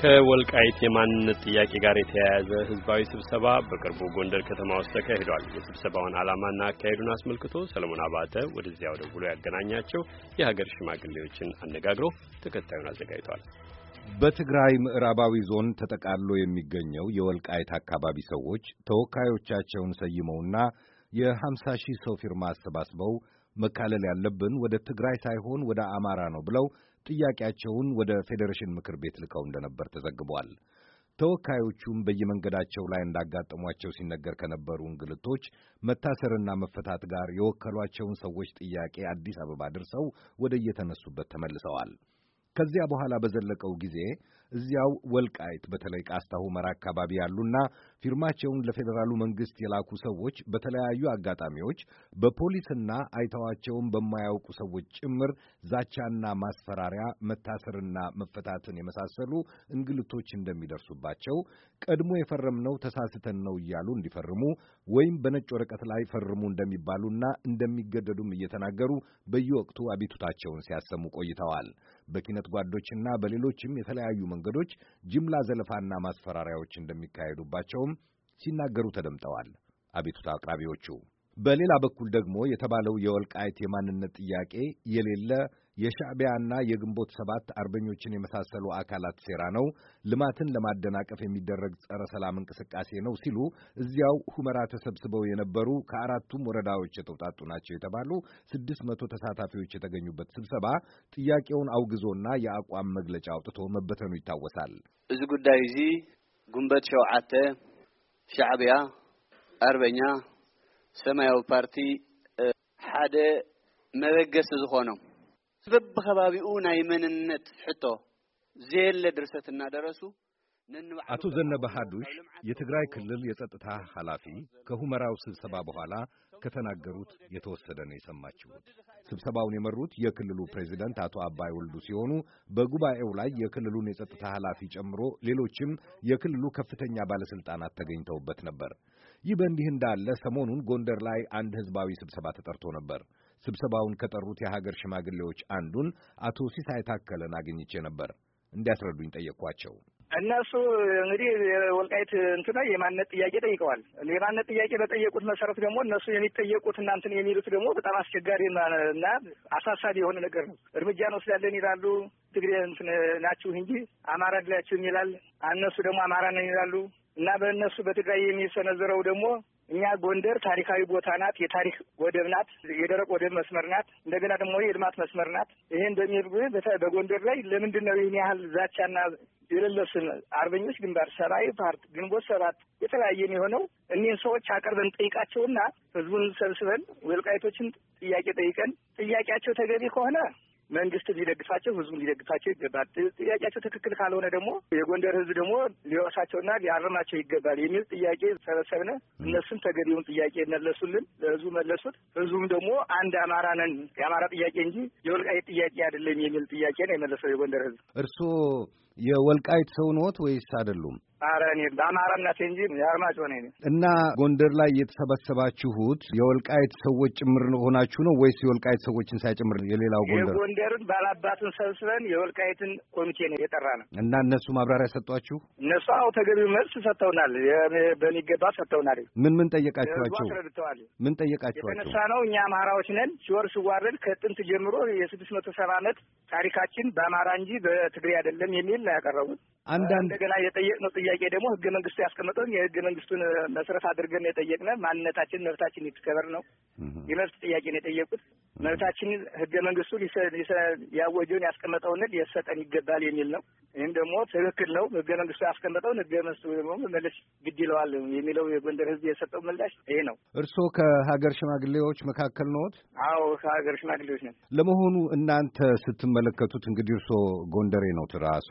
ከወልቃይት የማንነት ጥያቄ ጋር የተያያዘ ህዝባዊ ስብሰባ በቅርቡ ጎንደር ከተማ ውስጥ ተካሂዷል። የስብሰባውን ዓላማና አካሄዱን አስመልክቶ ሰለሞን አባተ ወደዚያው ደውሎ ያገናኛቸው የሀገር ሽማግሌዎችን አነጋግሮ ተከታዩን አዘጋጅቷል። በትግራይ ምዕራባዊ ዞን ተጠቃሎ የሚገኘው የወልቃይት አካባቢ ሰዎች ተወካዮቻቸውን ሰይመውና የሀምሳ ሺህ ሰው ፊርማ አሰባስበው መካለል ያለብን ወደ ትግራይ ሳይሆን ወደ አማራ ነው ብለው ጥያቄያቸውን ወደ ፌዴሬሽን ምክር ቤት ልከው እንደነበር ተዘግቧል። ተወካዮቹም በየመንገዳቸው ላይ እንዳጋጠሟቸው ሲነገር ከነበሩ እንግልቶች፣ መታሰርና መፈታት ጋር የወከሏቸውን ሰዎች ጥያቄ አዲስ አበባ ደርሰው ወደ የተነሱበት ተመልሰዋል። ከዚያ በኋላ በዘለቀው ጊዜ እዚያው ወልቃይት በተለይ ቃስታ ሁመራ አካባቢ ያሉና ፊርማቸውን ለፌዴራሉ መንግስት የላኩ ሰዎች በተለያዩ አጋጣሚዎች በፖሊስና አይተዋቸውን በማያውቁ ሰዎች ጭምር ዛቻና ማስፈራሪያ፣ መታሰርና መፈታትን የመሳሰሉ እንግልቶች እንደሚደርሱባቸው ቀድሞ የፈረምነው ተሳስተን ነው እያሉ እንዲፈርሙ ወይም በነጭ ወረቀት ላይ ፈርሙ እንደሚባሉና እንደሚገደዱም እየተናገሩ በየወቅቱ አቤቱታቸውን ሲያሰሙ ቆይተዋል። በኪነት ጓዶችና በሌሎችም የተለያዩ መንገዶች ጅምላ ዘለፋና ማስፈራሪያዎች እንደሚካሄዱባቸውም ሲናገሩ ተደምጠዋል አቤቱታ አቅራቢዎቹ። በሌላ በኩል ደግሞ የተባለው የወልቃይት የማንነት ጥያቄ የሌለ የሻዕቢያና የግንቦት ሰባት አርበኞችን የመሳሰሉ አካላት ሴራ ነው፣ ልማትን ለማደናቀፍ የሚደረግ ጸረ ሰላም እንቅስቃሴ ነው ሲሉ እዚያው ሁመራ ተሰብስበው የነበሩ ከአራቱም ወረዳዎች የተውጣጡ ናቸው የተባሉ ስድስት መቶ ተሳታፊዎች የተገኙበት ስብሰባ ጥያቄውን አውግዞና የአቋም መግለጫ አውጥቶ መበተኑ ይታወሳል። እዚ ጉዳይ እዚ ጉንበት ሸውዓተ ሻዕቢያ አርበኛ ሰማያዊ ፓርቲ ሓደ መበገሲ ዝኾኖም በብኸባቢኡ ናይ መንነት ሕቶ ዘየለ ድርሰት እናደረሱ አቶ ዘነበ ሐዱሽ የትግራይ ክልል የጸጥታ ኃላፊ ከሁመራው ስብሰባ በኋላ ከተናገሩት የተወሰደ ነው የሰማችሁት። ስብሰባውን የመሩት የክልሉ ፕሬዚደንት አቶ አባይ ወልዱ ሲሆኑ በጉባኤው ላይ የክልሉን የጸጥታ ኃላፊ ጨምሮ ሌሎችም የክልሉ ከፍተኛ ባለስልጣናት ተገኝተውበት ነበር። ይህ በእንዲህ እንዳለ ሰሞኑን ጎንደር ላይ አንድ ህዝባዊ ስብሰባ ተጠርቶ ነበር። ስብሰባውን ከጠሩት የሀገር ሽማግሌዎች አንዱን አቶ ሲሳይ ታከለን አግኝቼ ነበር። እንዲያስረዱኝ ጠየቅኳቸው። እነሱ እንግዲህ ወልቃይት እንትና የማንነት ጥያቄ ጠይቀዋል። የማንነት ጥያቄ በጠየቁት መሰረት ደግሞ እነሱ የሚጠየቁት እናንትን የሚሉት ደግሞ በጣም አስቸጋሪ እና አሳሳቢ የሆነ ነገር ነው። እርምጃ እንወስዳለን ይላሉ። ትግሬ ናችሁ እንጂ አማራ አይደላችሁም ይላል። እነሱ ደግሞ አማራ ነን ይላሉ እና በእነሱ በትግራይ የሚሰነዘረው ደግሞ እኛ ጎንደር ታሪካዊ ቦታ ናት። የታሪክ ወደብ ናት። የደረቅ ወደብ መስመር ናት። እንደገና ደግሞ የልማት መስመር ናት። ይሄን ጊዜ በጎንደር ላይ ለምንድን ነው ይህን ያህል ዛቻና የሌለስን አርበኞች ግንባር፣ ሰማያዊ ፓርት፣ ግንቦት ሰባት የተለያየን የሆነው እኒህን ሰዎች አቅርበን ጠይቃቸውና ህዝቡን ሰብስበን ወልቃይቶችን ጥያቄ ጠይቀን ጥያቄያቸው ተገቢ ከሆነ መንግስት ሊደግፋቸው፣ ህዝቡ ሊደግፋቸው ይገባል። ጥያቄያቸው ትክክል ካልሆነ ደግሞ የጎንደር ህዝብ ደግሞ ሊወሳቸውና ሊያርማቸው ይገባል የሚል ጥያቄ ሰበሰብነ። እነሱም ተገቢውን ጥያቄ መለሱልን፣ ለህዝቡ መለሱት። ህዝቡም ደግሞ አንድ አማራ ነን የአማራ ጥያቄ እንጂ የወልቃይት ጥያቄ አይደለም የሚል ጥያቄ ነው የመለሰው የጎንደር ህዝብ። እርስዎ የወልቃይት ሰው ኖት ወይስ አይደሉም? ኧረ እኔ በአማራነት እንጂ የአርማጭሆ ነኝ። እና ጎንደር ላይ የተሰበሰባችሁት የወልቃይት ሰዎች ጭምር ሆናችሁ ነው ወይስ የወልቃይት ሰዎችን ሳይጭምር የሌላው ጎንደር የጎንደርን ባላባቱን ሰብስበን የወልቃይትን ኮሚቴ ነው የጠራ ነው። እና እነሱ ማብራሪያ ሰጧችሁ? እነሱ አዎ ተገቢው መልስ ሰጥተውናል፣ በሚገባ ሰጥተውናል። ምን ምን ጠየቃችኋቸው? ምን ጠየቃችኋቸው? የተነሳ ነው እኛ አማራዎች ነን። ሲወር ሲዋረድ ከጥንት ጀምሮ የስድስት መቶ ሰባ አመት ታሪካችን በአማራ እንጂ በትግሬ አይደለም የሚል ያቀረቡት አንዳንድ ገና ነው ጥያቄ ደግሞ ህገ መንግስቱ ያስቀመጠውን የህገ መንግስቱን መሰረት አድርገን የጠየቅነ ማንነታችን፣ መብታችን ይትከበር ነው። የመብት ጥያቄ ነው የጠየቁት። መብታችን ህገ መንግስቱ ያወጀውን ያስቀመጠውን ሊሰጠን ይገባል የሚል ነው። ይህም ደግሞ ትክክል ነው። ህገ መንግስቱ ያስቀመጠውን ህገ መንግስቱ ደግሞ መለስ ግድ ይለዋል የሚለው የጎንደር ህዝብ የሰጠው ምላሽ ይሄ ነው። እርስዎ ከሀገር ሽማግሌዎች መካከል ነዎት? አዎ ከሀገር ሽማግሌዎች ነን። ለመሆኑ እናንተ ስትመለከቱት እንግዲህ እርስዎ ጎንደሬ ነው ትራሶ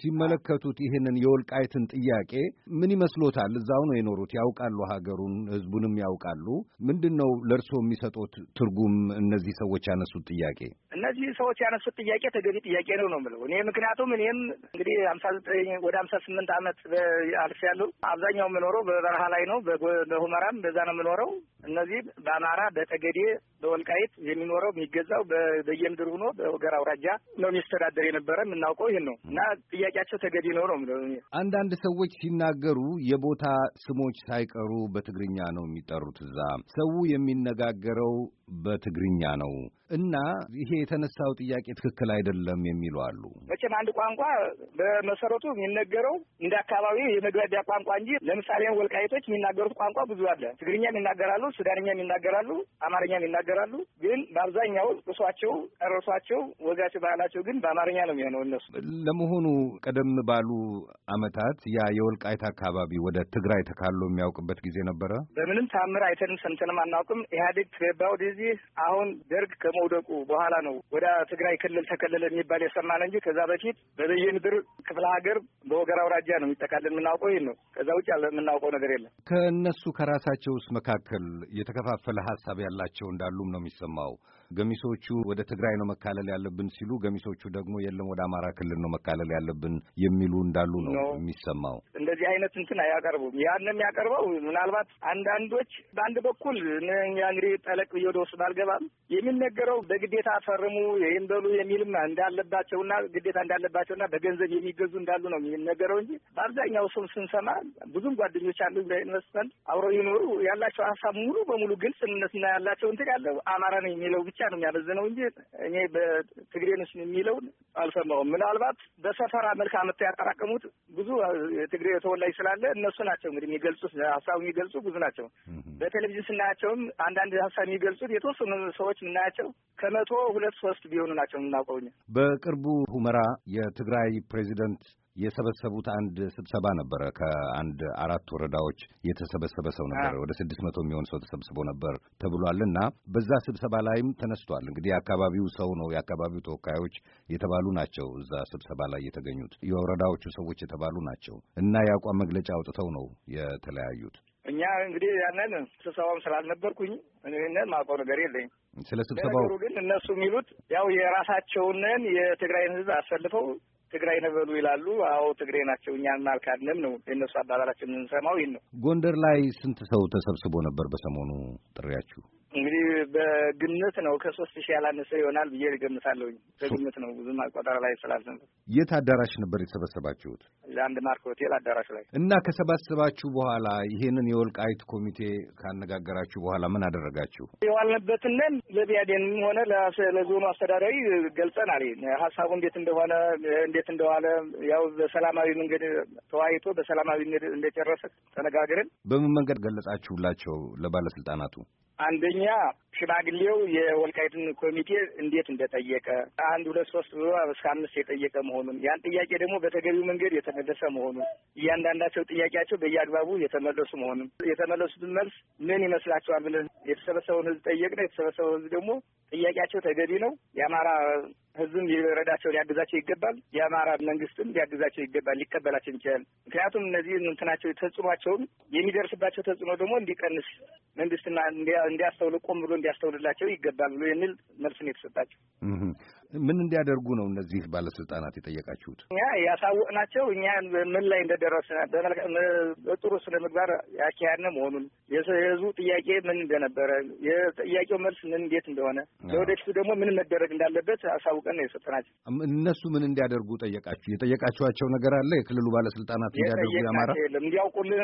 ሲመለከቱት ይህንን የወልቃይትን የመንግስትን ጥያቄ ምን ይመስሎታል? እዛው ነው የኖሩት፣ ያውቃሉ፣ ሀገሩን ህዝቡንም ያውቃሉ። ምንድን ነው ለእርስዎ የሚሰጡት ትርጉም? እነዚህ ሰዎች ያነሱት ጥያቄ እነዚህ ሰዎች ያነሱት ጥያቄ ተገቢ ጥያቄ ነው ነው የምለው እኔ ምክንያቱም እኔም እንግዲህ ሀምሳ ዘጠኝ ወደ ሀምሳ ስምንት ዓመት አልፍ ያለው አብዛኛው የምኖረው በበረሃ ላይ ነው፣ በሁመራም በዛ ነው የምኖረው። እነዚህ በአማራ በጠገዴ በወልቃይት የሚኖረው የሚገዛው በየምድር ሆኖ በወገር አውራጃ ነው የሚስተዳደር የነበረ የምናውቀው ይህን ነው እና ጥያቄያቸው ተገቢ ነው ነው የምለው። አንዳንድ አንዳንድ ሰዎች ሲናገሩ የቦታ ስሞች ሳይቀሩ በትግርኛ ነው የሚጠሩት። እዛ ሰው የሚነጋገረው በትግርኛ ነው እና ይሄ የተነሳው ጥያቄ ትክክል አይደለም የሚሉ አሉ። መቼም አንድ ቋንቋ በመሰረቱ የሚነገረው እንደ አካባቢ የመግባቢያ ቋንቋ እንጂ ለምሳሌ ወልቃይቶች የሚናገሩት ቋንቋ ብዙ አለ። ትግርኛም ይናገራሉ፣ ሱዳንኛም ይናገራሉ፣ አማርኛም ይናገራሉ። ግን በአብዛኛው እሷቸው፣ ቀረሷቸው፣ ወጋቸው፣ ባህላቸው ግን በአማርኛ ነው የሚሆነው። እነሱ ለመሆኑ ቀደም ባሉ አመታት ያ የወልቃይት አካባቢ ወደ ትግራይ ተካሎ የሚያውቅበት ጊዜ ነበረ? በምንም ታምር አይተንም ሰምተንም አናውቅም። ኢህአዴግ ከገባ ወደዚህ ስለዚህ አሁን ደርግ ከመውደቁ በኋላ ነው ወደ ትግራይ ክልል ተከለለ የሚባል የሰማነ እንጂ ከዛ በፊት ብር ክፍለ ሀገር በወገር አውራጃ ነው የሚጠቃልን የምናውቀው ይህን ነው። ከዛ ውጭ የምናውቀው ነገር የለም። ከእነሱ ከራሳቸው ውስጥ መካከል የተከፋፈለ ሀሳብ ያላቸው እንዳሉም ነው የሚሰማው። ገሚሶቹ ወደ ትግራይ ነው መካለል ያለብን ሲሉ፣ ገሚሶቹ ደግሞ የለም ወደ አማራ ክልል ነው መካለል ያለብን የሚሉ እንዳሉ ነው የሚሰማው። እንደዚህ አይነት እንትን አያቀርቡም። ያን የሚያቀርበው ምናልባት አንዳንዶች በአንድ በኩል እኛ እንግዲህ ጠለቅ ብዬ ወደ ውስጥ ባልገባም የሚነገረው በግዴታ ፈርሙ ይህም በሉ የሚልም እንዳለባቸውና ግዴታ እንዳለባቸውና በገንዘብ የሚገዙ እንዳሉ ነው የሚነገረው እንጂ በአብዛኛው ሰው ስንሰማ ብዙም ጓደኞች አሉ በኢንቨስትመንት አብረው ይኖሩ ያላቸው ሀሳብ ሙሉ በሙሉ ግልጽነትና ያላቸው እንትን ያለው አማራ ነው የሚለው ብቻ ነው የሚያበዝነው እንጂ እኔ በትግሬንስ የሚለውን አልሰማውም። ምናልባት በሰፈራ መልክ አመት ያጠራቀሙት ብዙ ትግሬ ተወላጅ ስላለ እነሱ ናቸው እንግዲህ የሚገልጹት ሀሳቡ የሚገልጹ ብዙ ናቸው። በቴሌቪዥን ስናያቸውም አንዳንድ ሀሳብ የሚገልጹት የተወሰኑ ሰዎች የምናያቸው ከመቶ ሁለት ሶስት ቢሆኑ ናቸው የምናውቀው በቅርቡ ሁመራ የትግራይ ፕሬዚደንት የሰበሰቡት አንድ ስብሰባ ነበረ። ከአንድ አራት ወረዳዎች የተሰበሰበ ሰው ነበረ። ወደ ስድስት መቶ የሚሆን ሰው ተሰብስቦ ነበር ተብሏል እና በዛ ስብሰባ ላይም ተነስቷል። እንግዲህ የአካባቢው ሰው ነው የአካባቢው ተወካዮች የተባሉ ናቸው እዛ ስብሰባ ላይ የተገኙት የወረዳዎቹ ሰዎች የተባሉ ናቸው እና የአቋም መግለጫ አውጥተው ነው የተለያዩት። እኛ እንግዲህ ያንን ስብሰባም ስላልነበርኩኝ ይህንን ማውቀው ነገር የለኝ። ስለ ስብሰባው ግን እነሱ የሚሉት ያው የራሳቸውንን የትግራይን ህዝብ አሰልፈው ትግራይ ነበሉ ይላሉ። አዎ ትግሬ ናቸው እኛ እናልካድንም ነው የእነሱ አባባላችን። የምንሰማው ይህን ነው። ጎንደር ላይ ስንት ሰው ተሰብስቦ ነበር በሰሞኑ ጥሪያችሁ? እንግዲህ በግምት ነው ከሶስት ሺህ ያላነሰ ይሆናል ብዬ ገምታለሁኝ። በግምት ነው ብዙም አቆጣጠር ላይ ስላልዘን። የት አዳራሽ ነበር የተሰበሰባችሁት? ለአንድ ማርክ ሆቴል አዳራሽ ላይ እና ከሰባሰባችሁ በኋላ ይሄንን የወልቃይት ኮሚቴ ካነጋገራችሁ በኋላ ምን አደረጋችሁ? የዋልንበትንን ለቢያዴንም ሆነ ለዞኑ አስተዳዳሪ ገልጸናል። ሀሳቡ እንዴት እንደሆነ እንዴት እንደዋለ ያው በሰላማዊ መንገድ ተወያይቶ በሰላማዊ መንገድ እንደጨረሰ ተነጋግረን። በምን መንገድ ገለጻችሁላቸው ለባለስልጣናቱ? አንደኛ ሽማግሌው የወልቃይትን ኮሚቴ እንዴት እንደጠየቀ አንድ ሁለት ሶስት ብሎ እስከ አምስት የጠየቀ መሆኑን ያን ጥያቄ ደግሞ በተገቢው መንገድ የተመለሰ መሆኑን እያንዳንዳቸው ጥያቄያቸው በየአግባቡ የተመለሱ መሆኑን የተመለሱትን መልስ ምን ይመስላቸዋል ብለን የተሰበሰበውን ሕዝብ ጠየቅነው። የተሰበሰበው ህዝብ ደግሞ ጥያቄያቸው ተገቢ ነው፣ የአማራ ህዝብም ሊረዳቸው ሊያግዛቸው ይገባል፣ የአማራ መንግስትም ሊያግዛቸው ይገባል፣ ሊቀበላቸው ይችላል። ምክንያቱም እነዚህ እንትናቸው ተጽዕኗቸውም የሚደርስባቸው ተጽዕኖ ደግሞ እንዲቀንስ መንግስትና እንዲያስተውሉ ቆም ብሎ እንዲያስተውልላቸው ይገባል ብሎ የሚል መልስ ነው የተሰጣቸው። ምን እንዲያደርጉ ነው እነዚህ ባለስልጣናት የጠየቃችሁት? እኛ ያሳወቅናቸው እኛ ምን ላይ እንደደረስን ጥሩ ስነ ምግባር ያካሄድን መሆኑን የህዝቡ ጥያቄ ምን እንደነበረ የጥያቄው መልስ ምን እንዴት እንደሆነ ለወደፊቱ ደግሞ ምን መደረግ እንዳለበት አሳውቀን ነው የሰጠናቸው። እነሱ ምን እንዲያደርጉ ጠየቃችሁ? የጠየቃችኋቸው ነገር አለ? የክልሉ ባለስልጣናት እንዲያደርጉ ያማራ የለም እንዲያውቁልን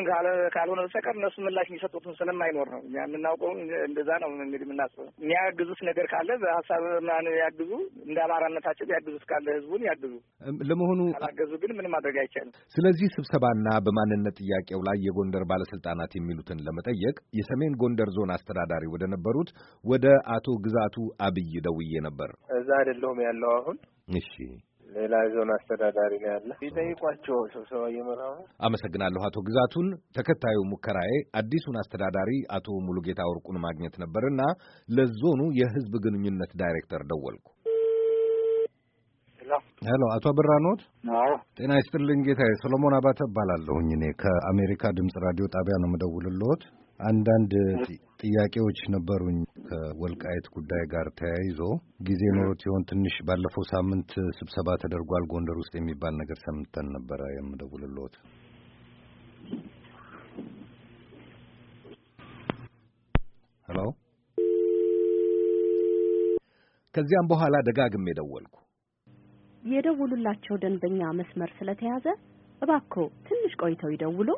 ካልሆነ በስተቀር እነሱ ምላሽ የሚሰጡትን ስለማይኖር ነው እኛ የምናውቀው። እንደዛ ነው እንግዲህ የምናስበው። የሚያግዙት ነገር ካለ በሀሳብ ማን ያግዙ እንደ አማራነታቸው ቢያግዙት እስካለ ህዝቡን ያግዙ። ለመሆኑ ካላገዙ ግን ምን ማድረግ አይቻልም። ስለዚህ ስብሰባና በማንነት ጥያቄው ላይ የጎንደር ባለስልጣናት የሚሉትን ለመጠየቅ የሰሜን ጎንደር ዞን አስተዳዳሪ ወደ ነበሩት ወደ አቶ ግዛቱ አብይ ደውዬ ነበር። እዛ አይደለሁም ያለው አሁን። እሺ ሌላ ዞን አስተዳዳሪ ነው ያለ ይጠይቋቸው ስብሰባ እየመራ አመሰግናለሁ አቶ ግዛቱን ተከታዩ ሙከራዬ አዲሱን አስተዳዳሪ አቶ ሙሉጌታ ወርቁን ማግኘት ነበርና ለዞኑ የህዝብ ግንኙነት ዳይሬክተር ደወልኩ ሄሎ ሄሎ፣ አቶ ብራኖት? አዎ፣ ጤና ይስጥልኝ ጌታዬ። ሰሎሞን አባተ እባላለሁኝ። እኔ ከአሜሪካ ድምፅ ራዲዮ ጣቢያ ነው የምደውልልዎት። አንዳንድ ጥያቄዎች ነበሩኝ ከወልቃየት ጉዳይ ጋር ተያይዞ ጊዜ ኖሮት ይሆን? ትንሽ ባለፈው ሳምንት ስብሰባ ተደርጓል ጎንደር ውስጥ የሚባል ነገር ሰምተን ነበረ የምደውልልዎት። ሄሎ ከዚያም በኋላ ደጋግሜ ደወልኩ። የደውሉላቸው ደንበኛ መስመር ስለተያዘ እባክዎ ትንሽ ቆይተው ይደውሉ።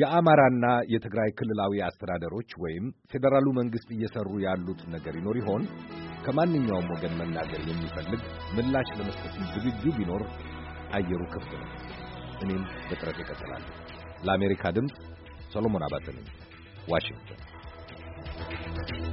የአማራና የትግራይ ክልላዊ አስተዳደሮች ወይም ፌዴራሉ መንግሥት እየሠሩ ያሉት ነገር ይኖር ይሆን? ከማንኛውም ወገን መናገር የሚፈልግ ምላሽ ለመስጠት ዝግጁ ቢኖር አየሩ ክፍት ነው። እኔም በጥረት ይቀጥላል ለአሜሪካ ድምፅ ሰሎሞን አባተ ነኝ፣ ዋሽንግተን